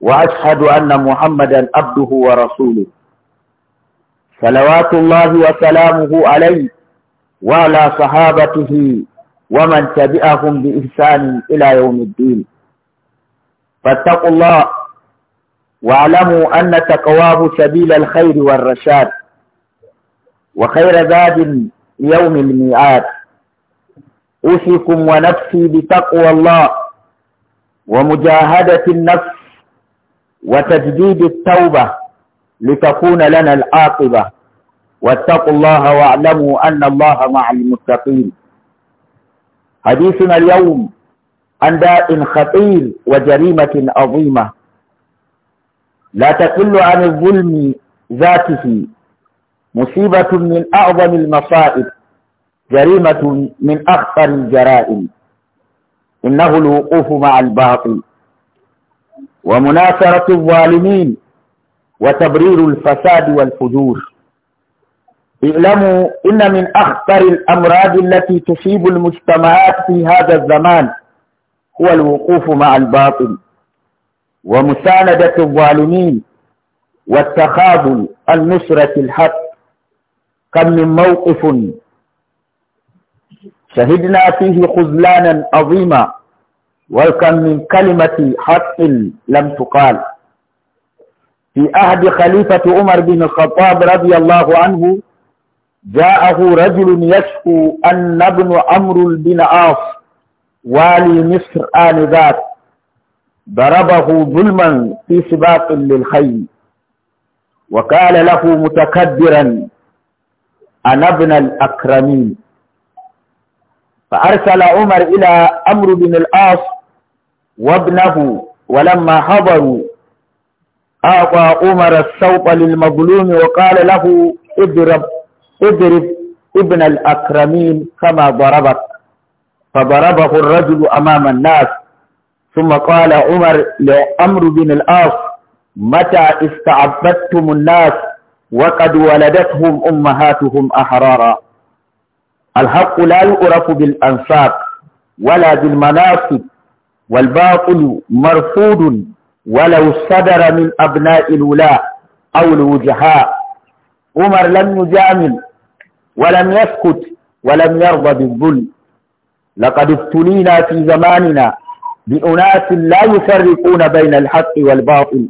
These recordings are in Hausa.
وأشهد أن محمدا عبده ورسوله صلوات الله وسلامه عليه وعلى صحابته ومن تبعهم بإحسان إلى يوم الدين فاتقوا الله واعلموا أن تقواه سبيل الخير والرشاد وخير زاد يوم الميعاد أوصيكم ونفسي بتقوى الله ومجاهدة النفس وتجديد التوبة لتكون لنا العاقبة واتقوا الله واعلموا أن الله مع المتقين حديثنا اليوم عن داء خطير وجريمة عظيمة لا تقل عن الظلم ذاته مصيبة من أعظم المصائب جريمة من أخطر الجرائم إنه الوقوف مع الباطل ومناصرة الظالمين وتبرير الفساد والفجور اعلموا إن من أخطر الأمراض التي تصيب المجتمعات في هذا الزمان هو الوقوف مع الباطل ومساندة الظالمين والتخاذل عن نصرة الحق كم من موقف شهدنا فيه خذلانا عظيما وكم من كلمة حق لم تقال في عهد خليفة عمر بن الخطاب رضي الله عنه جاءه رجل يشكو أن ابن عمرو بن عاص والي مصر آنذاك ضربه ظلما في سباق للخيل وقال له متكبرا أنا ابن الأكرمين فأرسل عمر إلى أمر بن العاص وابنه ولما حضروا أعطى عمر السوط للمظلوم وقال له اضرب اضرب ابن الأكرمين كما ضربك فضربه الرجل أمام الناس ثم قال عمر لعمر بن الأص متى استعبدتم الناس وقد ولدتهم أمهاتهم أحرارا الحق لا يؤرف بالأنفاق ولا بالمناصب والباطل مرفوض ولو صدر من أبناء الولاة أو الوجهاء عمر لم يجامل ولم يسكت ولم يرضى بالذل لقد ابتلينا في زماننا بأناس لا يفرقون بين الحق والباطل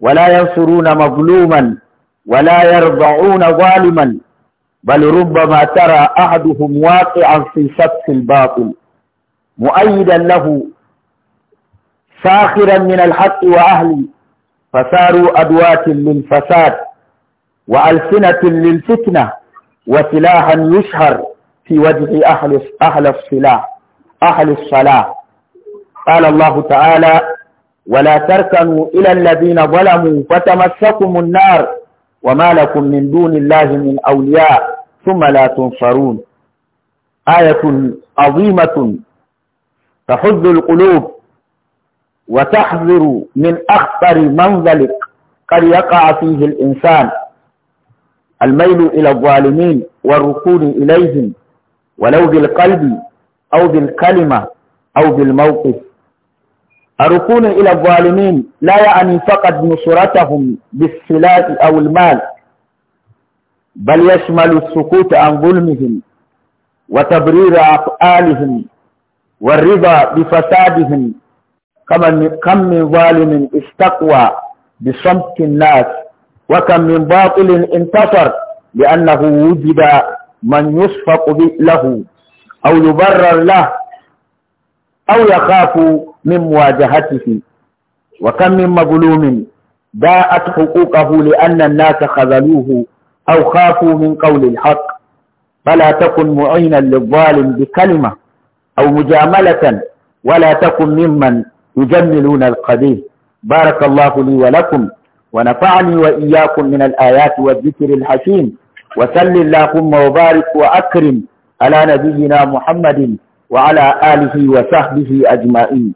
ولا ينصرون مظلوما ولا يرضعون ظالما بل ربما ترى أحدهم واقعا في سفك الباطل مؤيدا له ساخرا من الحق وأهلي فساروا أدوات للفساد وألسنة للفتنة وسلاحا يشهر في وجه أهل أهل الصلاح أهل الصلاة قال الله تعالى ولا تركنوا إلى الذين ظلموا فتمسكم النار وما لكم من دون الله من أولياء ثم لا تنصرون آية عظيمة تحض القلوب وتحذر من أخطر منزلك قد يقع فيه الإنسان الميل إلى الظالمين والركون إليهم ولو بالقلب أو بالكلمة أو بالموقف الركون إلى الظالمين لا يعني فقط نصرتهم بالسلاح أو المال بل يشمل السكوت عن ظلمهم وتبرير أفعالهم والرضا بفسادهم كم من ظالم استقوى بصمت الناس وكم من باطل انتصر لأنه وجد من يصفق له أو يبرر له أو يخاف من مواجهته وكم من مظلوم باءت حقوقه لأن الناس خذلوه أو خافوا من قول الحق فلا تكن معينا للظالم بكلمة أو مجاملة ولا تكن ممن يجملون القبيح بارك الله لي ولكم ونفعني وإياكم من الآيات والذكر الحكيم وسل اللهم وبارك وأكرم على نبينا محمد وعلى آله وصحبه أجمعين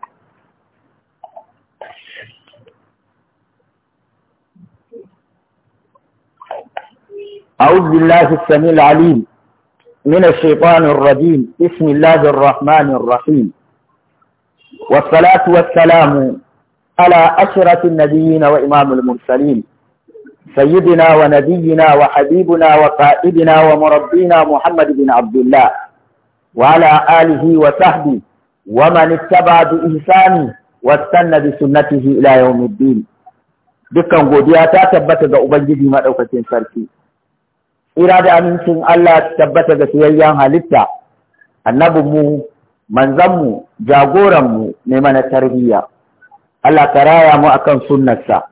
أعوذ بالله السميع العليم من الشيطان الرجيم بسم الله الرحمن الرحيم والصلاة والسلام على أشرف النبيين وإمام المرسلين سيدنا ونبينا وحبيبنا وقائدنا ومربينا محمد بن عبد الله وعلى آله وصحبه ومن اتبع بإحسانه واستنى بسنته إلى يوم الدين dukkan godiya ta tabbata ga Ubangiji maɗaukacin sarki. Ira da amincin Allah tabbata ga soyayyen halitta, annabinmu manzanmu jagoranmu mai mana tarbiyya Allah ka raya mu akan sunnarsa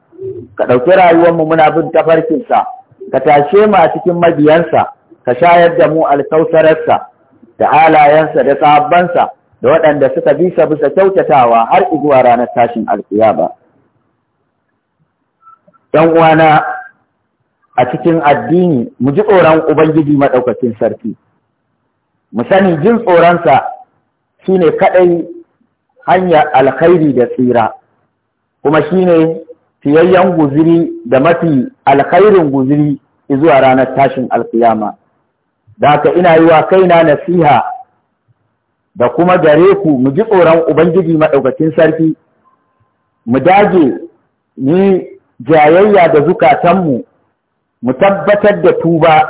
ka ɗauki rayuwarmu muna bin tafarkinsa ka tashe mu a cikin mabiyansa ka shayar da mu alkausararsa da halayensa da sahabbansa da waɗanda suka bi sa bisa kyautatawa har zuwa ranar tashin ba. ‘yan uwana a cikin addini mu ji tsoron ubangiji maɗaukacin sarki mu sani jin tsoronsa shine kaɗai hanya alkhairi da tsira kuma shine fiyayyen guziri da mafi alkhairin guziri zuwa ranar tashin alkiyama da haka ina yi wa kaina nasiha da kuma gare ku mu ji tsoron ubangiji maɗaukacin sarki mu dage ni jayayya da zukatanmu mu tabbatar da tuba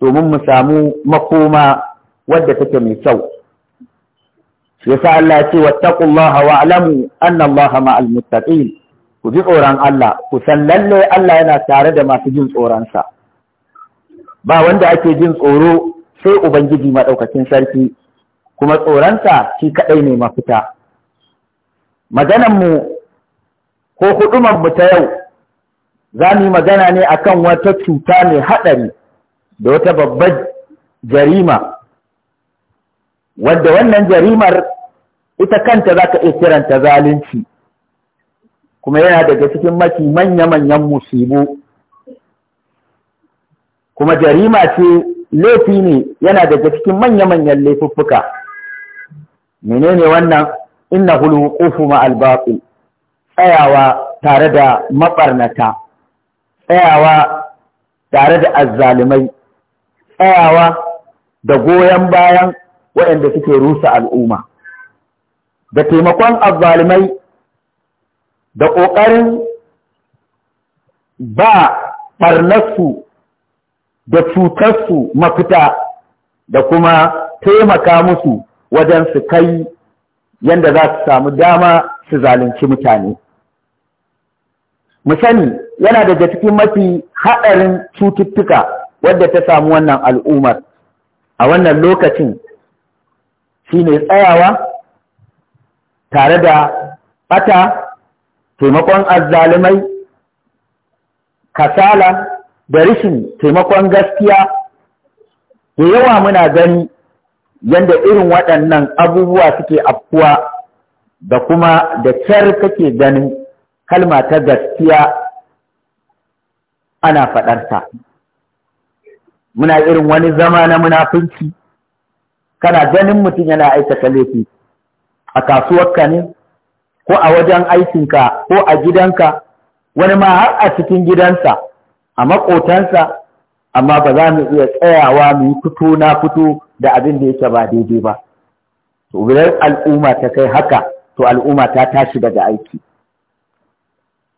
domin mu samu makoma wadda take mai kyau shi yasa Allah ya ce wa alamu anna Allah ma'al muttaqin ku ji tsoron Allah ku san lalle Allah yana tare da masu jin tsoronsa ba wanda ake jin tsoro sai ubangiji madaukakin sarki kuma sa shi kadai ne mafita maganan mu ko huduman mu ta yau za mu magana ne akan wata cuta mai haɗari da wata babbar jarima wanda wannan jarimar ita kanta za ka iya kiranta zalunci kuma yana daga cikin mafi manya-manyan musibu kuma jarima ce laifi ne yana daga cikin manya-manyan laifuffuka menene wannan inna hulu ƙufu ma'albaƙi tsayawa tare da maɓarnata tsayawa tare da azzalimai tsayawa da goyon bayan waɗanda suke rusa al'umma da taimakon azzalimai da ƙoƙarin ba ɓarnarsu da cutarsu mafita da kuma taimaka musu wajen su kai yadda za su samu dama su zalunci mutane. Mu yana daga cikin mafi haɗarin cututtuka wadda ta samu wannan al'ummar a wannan lokacin shine tsayawa tare da ɓata, taimakon azzalimai kasala da rishin taimakon gaskiya da yawa muna gani yadda irin waɗannan abubuwa suke afkuwa da kuma da kyar kake ganin kalma ta gaskiya ana faɗarta muna irin wani zama na munafunci kana ganin mutum yana aikata laifi a kasuwarka ne ko a wajen aikinka ko a gidanka wani ma har a cikin gidansa a maƙotansa amma ba za mu iya tsayawa mu yi fito na fito da abin da yake ba daidai ba to idan al'umma ta kai haka to al'umma ta tashi daga aiki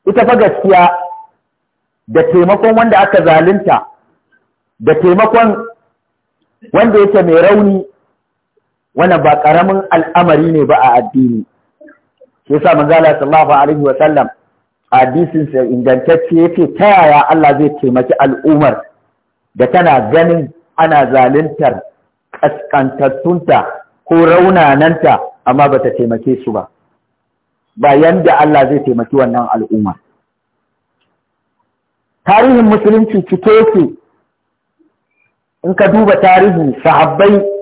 ita fa gaskiya da taimakon wanda aka zalunta da taimakon wanda yake mai rauni wannan ba karamin al'amari ne ba a addini shi yasa manzo Allah sallallahu alaihi wa sallam hadisin sa ingantacce yace ta yaya Allah zai taimaki al'umar da tana ganin ana zaluntar kaskantattunta ko raunananta amma bata taimake su ba ba yanda Allah zai taimaki wannan al'umma tarihin musulunci cike yake in ka duba tarihin sahabbai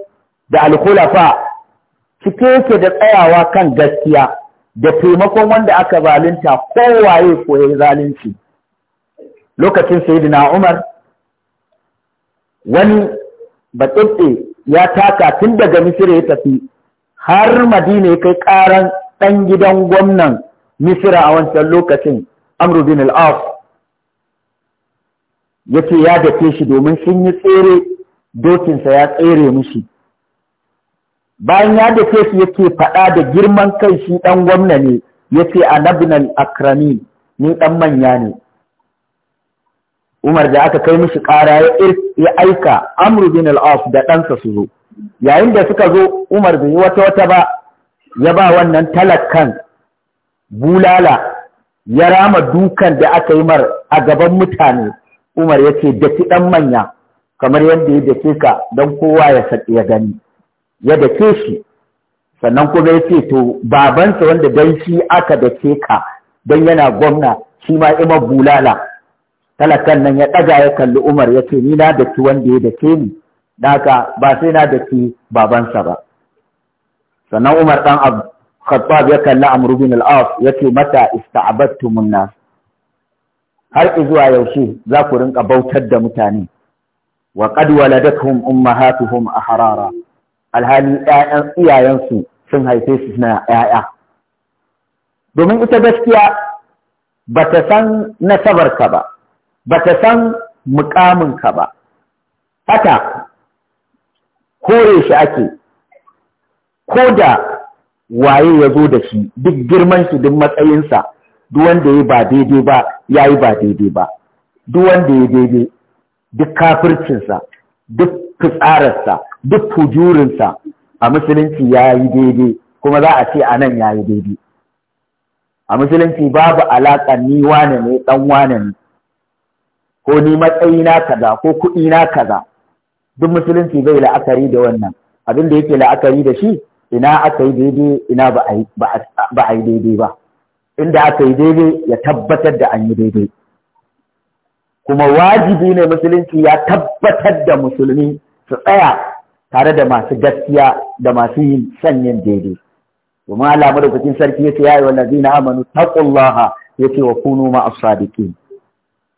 da alkulafa cike yake da tsayawa kan gaskiya da taimakon wanda aka zalunta kowaye ko ya zalunci lokacin sayyidina Umar wani batsitse ya taka tun daga Misira ya tafi har Madina ya kai karan ɗan gidan gwamnan Misira a wancan lokacin Amru bin al yace ya dafe shi domin sun yi tsere dokinsa ya tsere mushi bayan ya da su yake faɗa da girman kai shi ɗan gwamna ne ya ce a akrami ni ɗan manya ne umar da aka kai mishi ƙara ya aika amru bin al'af da ɗansa su zo yayin da suka zo umar bai yi wata wata ba ya ba wannan talakan bulala ya rama dukan da aka yi mar a gaban mutane umar ya ce daki ɗan manya kamar yadda ya dake ka don kowa ya gani ya dake shi sannan kuma ya ce to babansa wanda dan shi aka dake ka dan yana gwamna shi ma ima bulala talakan nan ya ɗaga ya kalli umar ya ce ni na daki wanda ya dake ni haka ba sai na daki babansa ba sannan umar ɗan khattab ya kalli amru bin al-as ya ce mata ista'abattumun nas har zuwa yaushe za ku rinka bautar da mutane wa qad waladatuhum ummahatuhum ahrara alhali ƴaƴan iyayensu sun haife su suna ƴaƴa domin ita gaskiya ba ta san nasabarka ba ba ta san mukaminka ba haka kore shi ake ko da waye ya zo da shi duk girman shi duk matsayinsa duk wanda ya ba daidai ba ya yi ba daidai ba duk wanda ya daidai duk kafircinsa duk fitsararsa duk fujurinsa a musulunci ya yi daidai kuma za a ce a nan ya yi daidai a musulunci babu alaƙa ni wane ne ɗan wane ne ko ni matsayi na kaza ko kuɗi na kaza duk musulunci bai la'akari da wannan abin da yake la'akari da shi ina aka yi daidai ina ba a yi daidai ba inda aka yi daidai ya tabbatar da an yi daidai kuma wajibi ne musulunci ya tabbatar da musulmi su tsaya tare da masu gaskiya da masu yin son yin daidai domin Allah madaukakin sarki yace ya yi nazi na amanu taqullaha yace wa kunu ma as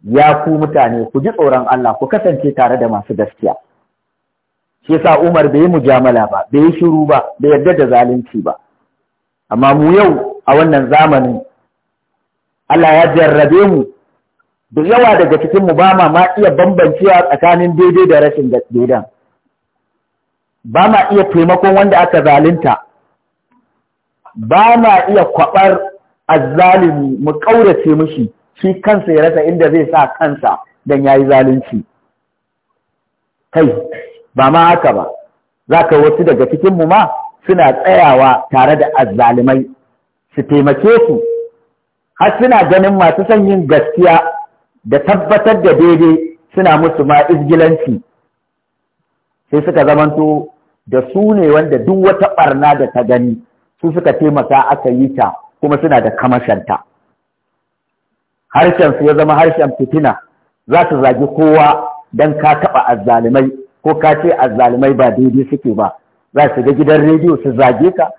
ya ku mutane ku ji tsoron Allah ku kasance tare da masu gaskiya shi yasa Umar bai yi mujamala ba bai yi shiru ba bai yarda da zalunci ba amma mu yau a wannan zamanin Allah ya jarrabe mu da yawa daga cikin mu ba ma iya bambancewa tsakanin daidai da rashin daidan ba ma iya taimakon wanda aka zalunta ba ma iya kwabar azzalimi mu ƙaurace mushi, shi kansa ya rasa inda zai sa kansa don ya yi zalunci kai ba ma haka ba Za ka wasu daga cikinmu ma suna tsayawa tare da azzalimai su taimake su har suna ganin masu son yin gaskiya da tabbatar da daidai suna musu ma izgilanci sai suka zamanto da su ne wanda duk wata barna da ta gani su suka taimaka aka yi ta kuma suna da kamashanta harshen su ya zama harshen fitina za su zagi kowa don ka taɓa azzalumai, ko ka ce azzalumai ba daidai suke ba za su ga gidan rediyo su zage ka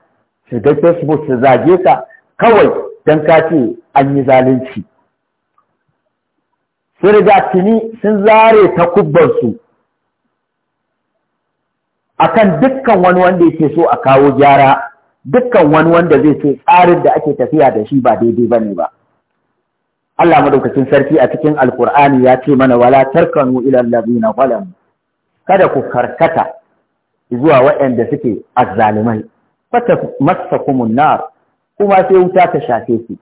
su ga facebook su zage ka kawai don ka ce an yi zalunci sun riga tuni sun zare takubbansu akan dukkan wani wanda yake so a kawo gyara dukkan wani wanda zai ce tsarin da ake tafiya da shi ba daidai ba ne ba Allah madaukakin sarki a cikin alkur'ani ya ce mana wala tarkanu ila allazina zalamu kada ku karkata zuwa waɗanda suke azzalimai fata masakumun nar kuma sai wuta ta shafe su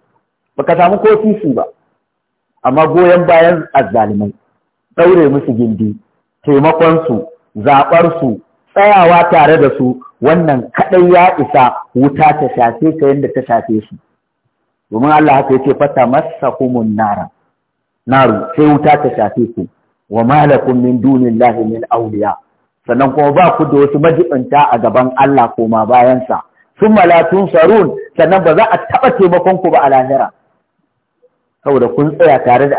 baka samu ko titi ba amma goyon bayan azzalimai daure musu gindi taimakon su zabar su tsayawa tare da su wannan kaɗai ya isa wuta ta shafe ka yadda ta shafe su domin Allah haka yake fata masa nara naru sai wuta ta shafe ku wa malakun min dunillahi min auliya. sannan kuma ba ku da wasu majibinta a gaban Allah koma bayansa sun malatun sarun sannan ba za a taɓa taimakon ku ba a lahira saboda kun tsaya tare da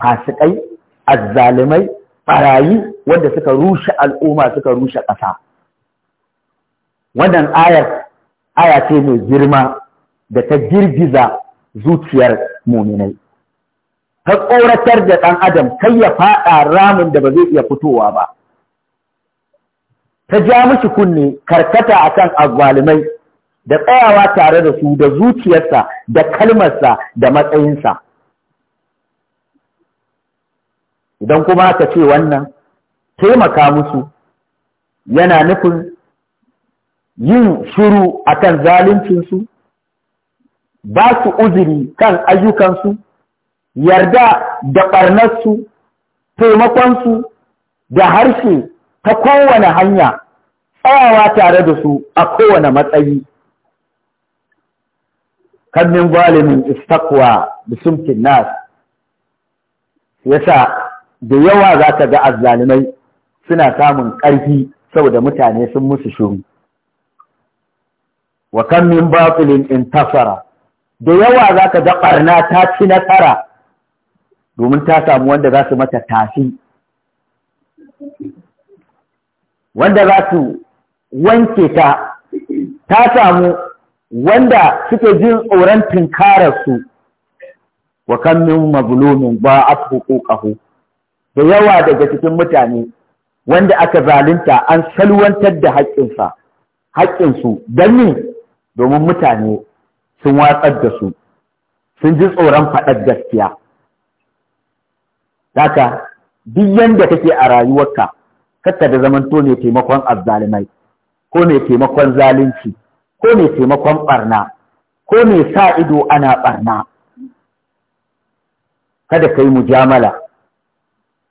fasikai azzalimai barayi wanda suka rushe al'umma suka rushe ƙasa wannan ayar aya ce mai girma da ta girgiza zuciyar muminai ta tsoratar da ɗan adam kai ya faɗa ramin da ba zai iya fitowa ba ta ja mishi kunne karkata akan azzalumai da tsayawa tare da su da zuciyarsa da kalmarsa da matsayinsa idan kuma aka ce wannan taimaka musu yana nufin yin shuru akan zaluncinsu ba su uzuri kan ayyukansu yarda da ɓarnarsu taimakonsu da harshe ta kowane hanya tsawawa tare da su a kowane matsayi kan min zalimin istakwa da sumkin nas yasa da yawa za ka ga azzalimai suna samun ƙarfi saboda mutane sun musu shuru wa kan min in tasara, da yawa za ka ga ɓarna ta ci nasara domin ta samu wanda za su mata tafi wanda za su wanke ta ta samu wanda suke jin tsoron tunkararsu wa kan min mazlumin ba a hukukahu da yawa daga cikin mutane wanda aka zalunta an salwantar da haƙƙinsa haƙƙinsu don ne domin mutane sun watsar da su sun ji tsoron faɗar gaskiya haka duk yanda kake a rayuwarka kakka da zamanto ne taimakon azzalimai ko ne taimakon zalunci ko ne taimakon ɓarna, ko ne sa ido ana ɓarna. kada ka yi mujamala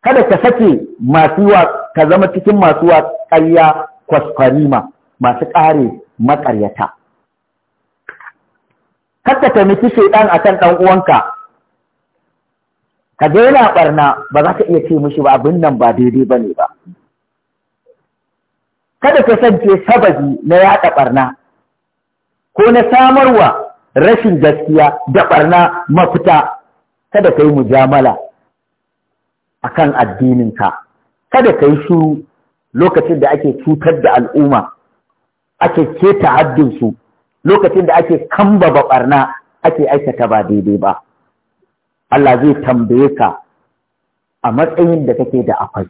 kada ka sake masu wa ka zama cikin masu wa ƙarya kwaskwarima masu ƙare maƙaryata kada ta miki shaidan akan ɗan uwanka ka daina ɓarna, ba za ka iya ce mishi ba abin nan ba daidai ba ne ba kada ka sance sababi na yaɗa ɓarna, ko na samarwa rashin gaskiya da ɓarna mafita kada ka yi mujamala a akan addininka kada ka yi shuru lokacin da ake cutar da al'umma ake keta haddinsu lokacin da ake kamba ba barna ake aikata ba daidai ba Allah zai tambaye ka a matsayin da kake da akwai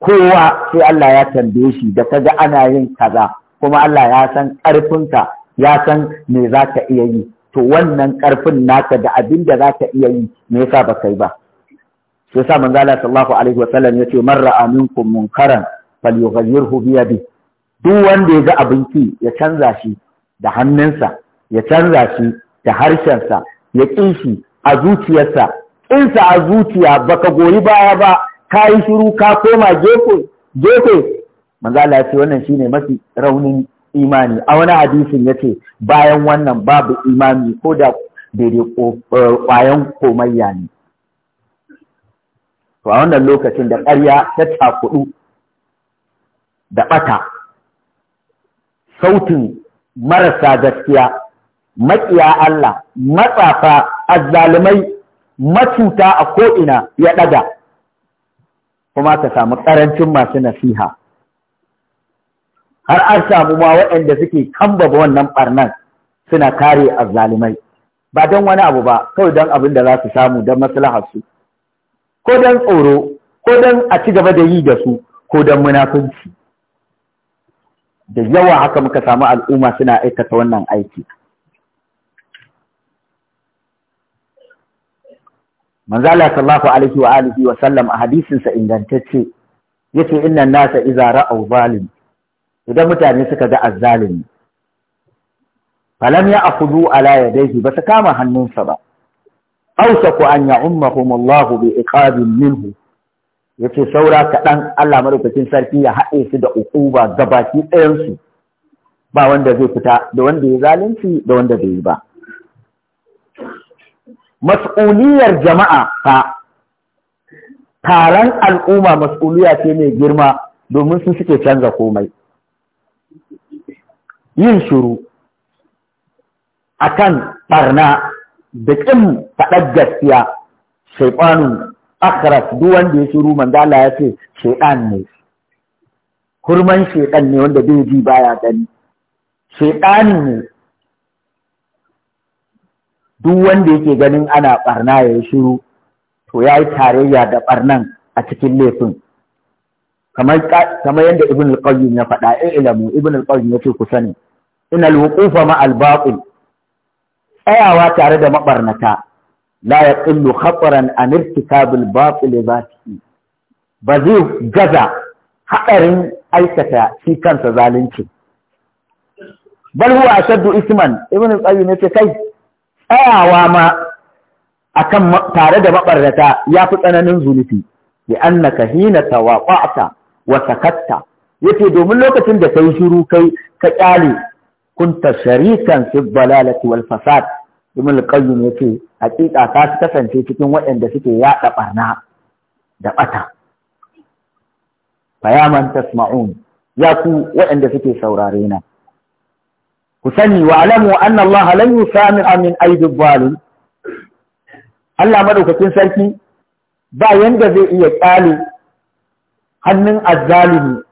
kowa sai Allah ya tambaye shi da kaga ana yin kaza kuma Allah ya san ƙarfinka ya san me za ka iya yi to wannan ƙarfin naka da abin da za ka iya yi me yasa ba kai ba shi yasa manzo Allah sallallahu alaihi wa sallam yace man ra'a minkum munkaran falyughayyirhu bi yadi duk wanda ya ga abinci ya canza shi da hannunsa ya canza shi da harshensa ya ƙin shi a zuciyarsa In ƙinsa a zuciya baka goyi baya ba ka shiru ka koma gefe gefe manzo Allah yace wannan shine mafi raunin imani a wani hadisin ya ce bayan wannan babu imani ko da daidai eh, ƙwayan komayya ne to a wannan lokacin da ƙarya ta takudu da ɓata sautin marasa gaskiya maƙiya Allah matsafa azzalumai macuta a ko'ina ya ɗaga kuma ka samu ƙarancin masu nasiha har an samu ma waɗanda suke kambaba wannan ɓarnan suna kare azzalumai ba don wani abu ba kawai don abin da za su samu don su ko don tsoro ko don a ci gaba da yi da su ko don munafunci da yawa haka muka samu al'umma suna aikata wannan aiki manzala sallallahu alaihi wa alihi wa sallam a hadisinsa ingantacce yace innan nasa izara ra'aw zalim idan mutane suka ga azzalimi falam ya akhudhu ala yadayhi ba su kama hannunsa ba ausaku an ya'ummahum Allah bi iqabin minhu yace saura kaɗan Allah madaukakin sarki ya haɗe su da ukuba gabaki ɗayansu ba wanda zai fita da wanda ya zalunci da wanda bai yi ba mas'uliyar jama'a ta taron al'umma mas'uliya ce mai girma domin su suke canza komai yin shuru akan ɓarna da ƙin faɗar gaskiya shaiɓanun akras duk wanda ya shiru manzo Allah ya ce shaiɗan ne kurman shaiɗan ne wanda bai ji baya gani shaiɗani ne duk wanda yake ganin ana ɓarna ya shiru to ya yi tarayya da barnan a cikin laifin kamar yadda ibn al-qayyim ya faɗa eh ilamu ibn al-qayyim yace ku sani inal wuqufa ma al tsayawa tare da maɓarnata la ya ƙillu haƙuran a nirtikabul baƙule ba ba zai gaza haɗarin aikata shi kansa zalunci bal a ashaddu isman ibn qayyim yace kai tsayawa ma akan tare da ya yafi tsananin zunufi. Ya annaka hina tawaqa'ta wa sakatta yace domin lokacin da kai shiru kai ka ƙyale. kunta sharikan fi dalalati wal fasad ibn al-qayyim yace hakika ka kasance cikin waɗanda suke yaɗa barna da bata fayaman tasma'un ya ku waɗanda suke saurare na ku sani wa alamu anna Allah lan yusami'a min aidi Allah madaukakin sarki ba yanda zai iya ƙyale hannun azzalimi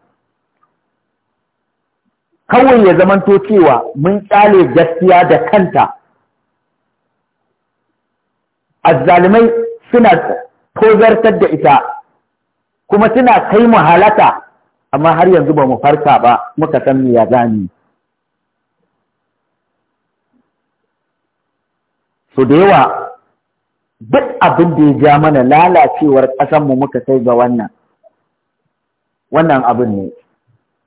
kawai ya zamanto cewa mun tsale gaskiya da kanta azzalimai suna tozartar da ita kuma suna kai mu halata amma har yanzu ba mu farka ba muka san me ya gani. so da yawa duk abin da ya ja mana lalacewar ƙasanmu muka kai ga wannan wannan abin ne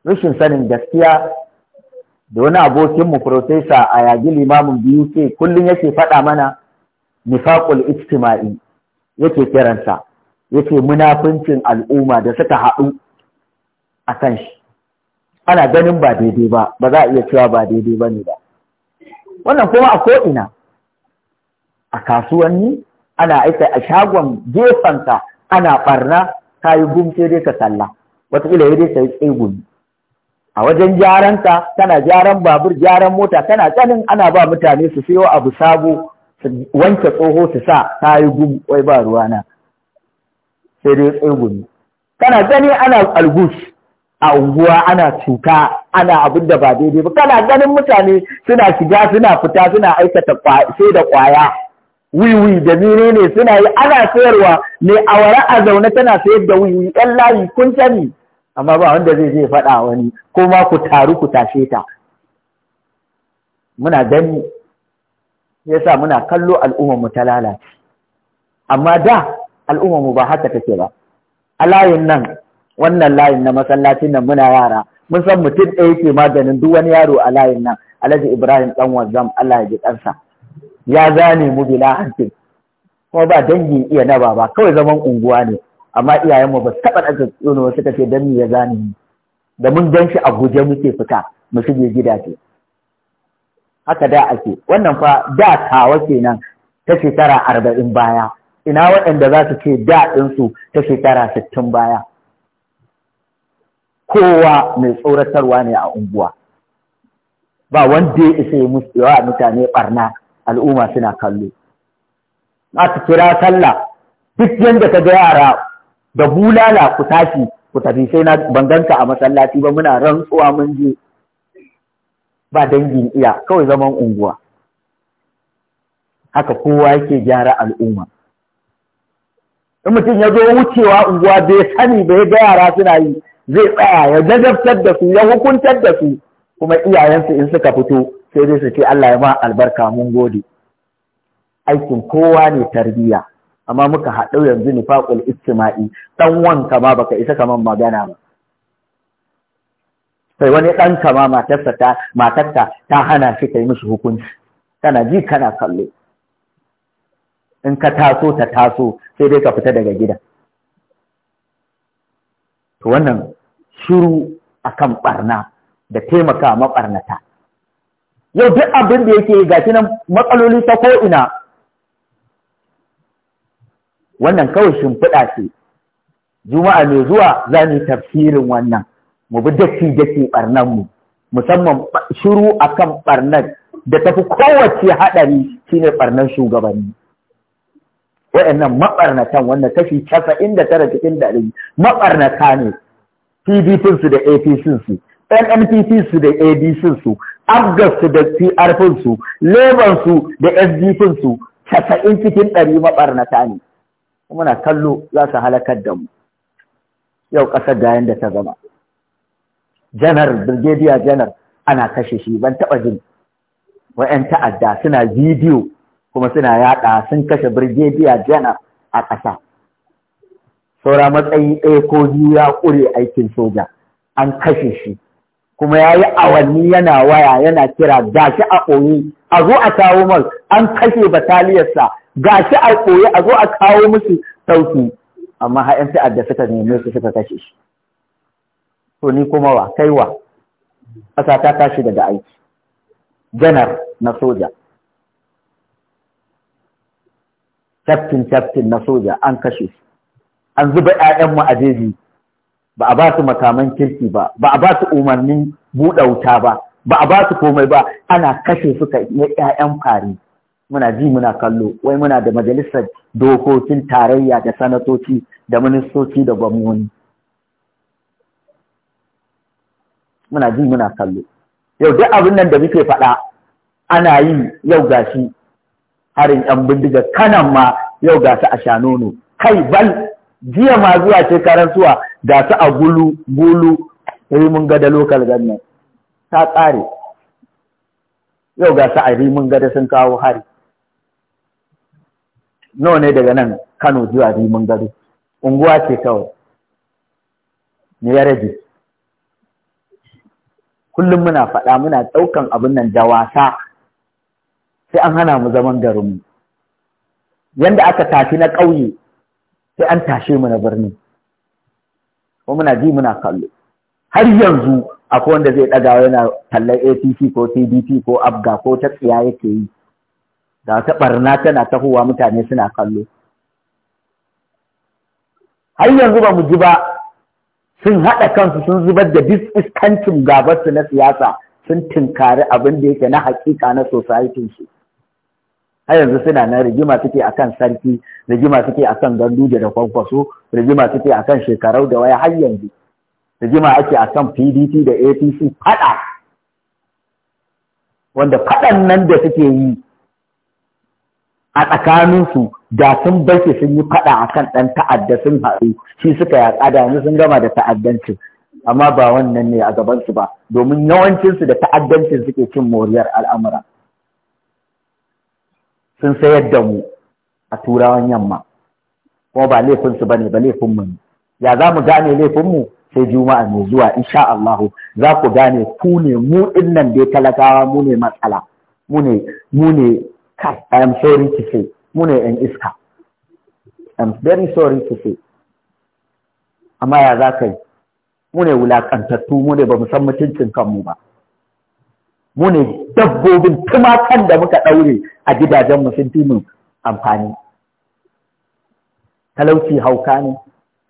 rashin sanin gaskiya da wani abokin mu profesa a yagi limamin biyu ce, kullum yake faɗa mana nifaqul ijtima'i yake kiransa yake munafincin al'umma da suka haɗu a kan shi ana ganin ba daidai ba ba za a iya cewa ba daidai ba ne ba wannan kuma a ko'ina a kasuwanni ana aika a shagon ka ana ɓarna ka yi gumce dai ka kalla wataƙila ya dai ka yi tsegumi a wajen gyaran ta kana gyaran babur gyaran mota kana tsanin ana ba mutane su siyo abu sabo su wanke tsoho su sa ta yi gum wai ba ruwana sai dai tsegumi kana gani ana algus a unguwa ana cuta ana abin da ba daidai ba kana ganin mutane suna shiga suna fita suna aikata sai da kwaya wiwi da ne suna yi ana sayarwa ne awara a zaune tana sayar da wiwi yan layi kun sani amma ba wanda zai zai faɗa wani ko ma ku taru ku tashe ta muna gani yasa muna kallo al'ummar mu ta lalace amma da al'ummar mu ba haka take ba a layin nan wannan layin na masallacin nan muna yara mun san mutum ɗaya ke maganin duk wani yaro a layin nan alhaji ibrahim dan wanzam allah ya ji kansa ya zane mu bila hantin kuma ba dangin iya na baba kawai zaman unguwa ne amma iyayenmu ba su taɓa ɗaga wasu, suka ce don ya zane ni da mun gan shi a guje muke fita mu shige gidaje haka da ake wannan fa da tawa kenan ta shekara arba'in baya ina waɗanda za su ce da ɗinsu ta shekara sittin baya kowa mai tsoratarwa ne a unguwa ba wanda ya isa yawa mutane ɓarna al'umma suna kallo. Na su kira sallah duk yadda ka ga yara da bulala ku tashi ku tafi sai na banganta a masallaci ba muna rantsuwa mun je ba dangin iya kawai zaman unguwa haka kowa yake gyara al'umma in mutum ya zo wucewa unguwa bai sani bai ga yara suna yi zai tsaya ya jajabtar da su ya hukuntar da su kuma iyayensu in suka fito sai dai su ce Allah ya ma albarka mun gode aikin kowa ne tarbiyya amma muka haɗu yanzu nifaqul istima'i ɗan wanka ma baka isa kamar magana ba sai wani ɗan kama matarsa ta matarka ta hana shi yi mishi hukunci kana ji kana kallo in ka taso ta taso sai dai ka fita daga gida to wannan shiru akan ɓarna da taimaka maɓarnata. Yau duk abin da yake gashi nan matsaloli ta ko'ina wannan kawai shimfiɗa ce juma'a mai zuwa za mu yi tafsirin wannan mu bi dafi daki barnan mu musamman shiru a kan barnan da tafi kowace haɗari shine barnan shugabanni wa'annan maɓarnatan wannan kashi casa'in da tara cikin ɗari maɓarnata ne pdp su da apc su nnpp su da adc su abgas su da crp su labour su da sdp su casa'in cikin ɗari maɓarnata ne muna kallo za su halakar da mu yau ƙasar da yanda ta zama janar birgediya janar ana kashe shi ban taɓa jin wa'yan ta'adda suna bidiyo kuma suna yaɗa sun kashe birgediya janar a ƙasa saura matsayi ɗaya ko biyu ya ƙure aikin soja an kashe shi kuma ya yi awanni yana waya yana kira gashi a ɓoye a zo a kawo mal an kashe bataliyarsa ga shi a koyi a zo a kawo musu sauki amma har yan ta'adda suka neme su suka kashe shi to ni kuma wa kai wa ƙasa ta tashi daga aiki janar na soja captain captain na soja an kashe su an zuba mu a jeji ba a ba su makaman kirki ba ba a ba su umarnin buɗe wuta ba ba a ba su komai ba ana kashe suka ne ƴaƴan fari muna ji muna kallo wai muna da majalisar dokokin tarayya da sanatoci da ministoci da gwamnoni muna ji muna kallo yau duk abin nan da muke faɗa ana yi yau gashi harin yan bindiga kanan ma yau gasu a shanono kai bal jiya ma zuwa shekaran suwa, gasu a gulu gulu rimin gada lokal gannan ta tsare yau gasu a rimin gada sun kawo hari nawa ne daga nan Kano zuwa Rimin Gado unguwa ce kawai ni ya rage kullum muna faɗa muna ɗaukan abin nan da wasa sai an hana mu zaman garin mu. yanda aka tafi na ƙauye sai an tashe mu na birni ko muna ji muna kallo har yanzu akwai wanda zai ɗaga yana kallon APC ko TDP ko ABGA ko ta tsiya yake yi da ta barna tana tahowa mutane suna kallo har yanzu ba mu ji ba sun haɗa kansu sun zubar da diskancin gabarsu na siyasa sun tinkari abin da yake na hakika na societinsu har yanzu suna nan rigima suke akan sarki rigima suke akan gandu da kwankwaso rigima suke akan shekarau da waya har yanzu rigima ake akan pdp da apc faɗa wanda faɗan nan da suke yi a tsakaninsu da sun barke sun yi faɗa a kan ɗan ta'adda sun haɗu shi suka yaƙa da yanzu sun gama da ta'addancin amma ba wannan ne a gabansu ba domin yawancinsu da ta'addancin suke cin moriyar al'amura sun sayar da mu a turawan yamma kuma ba laifinsu ba ne ba laifinmu ne ya za mu gane laifinmu sai juma'a mai zuwa insha Allah za ku gane ku ne mu ɗin nan dai talakawa mu ne matsala mu ne mu ne Kai, I am sorry to say, mu ne ‘yan iska. I am very sorry to say. Amma ya za ka yi, mu ne wulaƙantattu, mu ne ba mu san mutuncin kanmu ba. Mu ne dabbobin tumakan da muka ɗaure a gidajenmu sun fi mu amfani. Talauci hauka ne,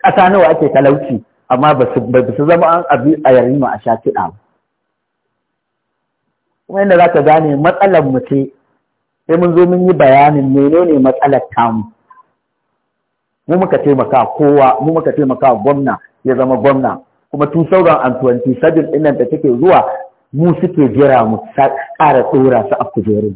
ƙasa nawa ake talauci, amma ba su zama an abi a yarima a sha kiɗa ba. Kuma yadda za ka gane matsalar mu ce sai mun zo mun yi bayanin menene matsalar tamu mu muka taimaka kowa mu muka taimaka gwamna ya zama gwamna kuma tun sauran an 27 din nan da take zuwa mu suke jira mu ƙara tsora su a kujeru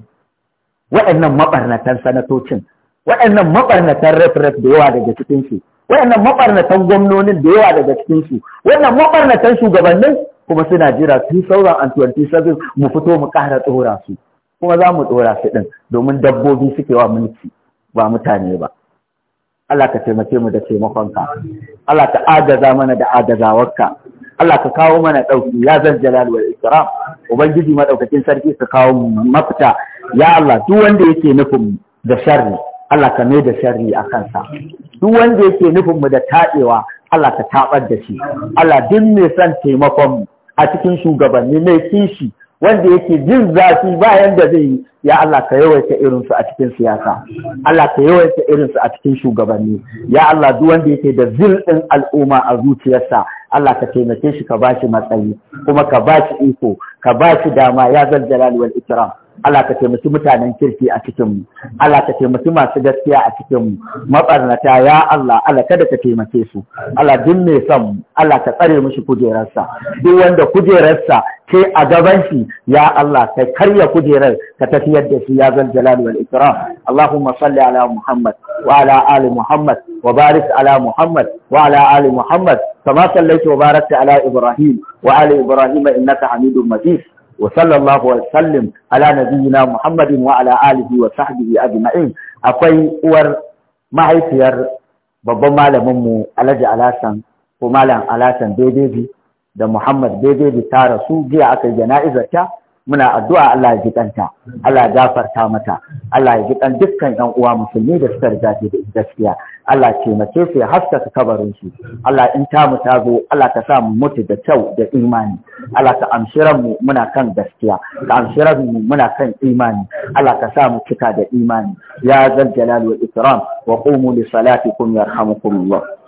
waɗannan mabarnatan sanatocin waɗannan mabarnatan ref-ref da yawa daga cikin su waɗannan mabarnatan gwamnonin da yawa daga cikin su waɗannan mabarnatan shugabannin kuma suna jira tun sauran an 27 mu fito mu ƙara tsora su kuma za mu ɗora su ɗin domin dabbobi suke wa mulki ba mutane ba Allah ka taimake mu da taimakonka Allah ka adaza mana da agazawarka Allah ka kawo mana ɗauki ya zan jalal wal ikram ubangiji maɗaukakin sarki ka kawo mafita ya Allah duk wanda yake nufin da sharri Allah ka mai da sharri a kansa duk wanda yake nufin mu da taɗewa Allah ka taɓar da shi Allah duk mai son taimakon mu a cikin shugabanni mai kishi wanda yake jin zafi bayan da zai yi ya Allah ka yawaita irinsu a cikin siyasa Allah ka yawaita irinsu a cikin shugabanni ya Allah duk wanda yake da zil ɗin al'umma a zuciyarsa Allah ka taimake shi ka bashi matsayi kuma ka bashi iko ka bashi dama ya zal jalali wal ikram Allah ka taimaki mutanen kirki a cikin mu Allah ka taimaki masu gaskiya a cikin mu mabarnata ya Allah Allah kada ka taimake su Allah duk mai son Allah ka tsare mishi kujerarsa duk wanda kujerarsa Se a gaban shi ya Allah ka karya kujerar ka tafiyar da shi ya zan jalal wal ikram Allahumma salli ala Muhammad wa ala ali Muhammad wa barik ala Muhammad wa ala ali Muhammad kama sallaita wa barakta ala Ibrahim wa ali Ibrahim innaka Hamidum Majid wa sallallahu wa sallim ala nabiyyina Muhammadin wa ala alihi wa sahbihi ajma'in akwai uwar mahaifiyar babban malamin mu Alhaji Alasan ko malam Alasan Bebebi da Muhammad daidai da ta rasu jiya aka jana'izar ta muna addu'a Allah ya jiɗanta, Allah ya gafarta mata Allah ya jikan dukkan ƴan uwa musulmi da suka riga da gaskiya Allah ce mace su ya haskaka kabarin su Allah in ta mu ta zo Allah ka sa mu mutu da kyau da imani Allah ka amshi mu muna kan gaskiya ka amshi mu muna kan imani Allah ka sa mu cika da imani ya zal jalal wa ikram wa qumu li salatikum yarhamukumullah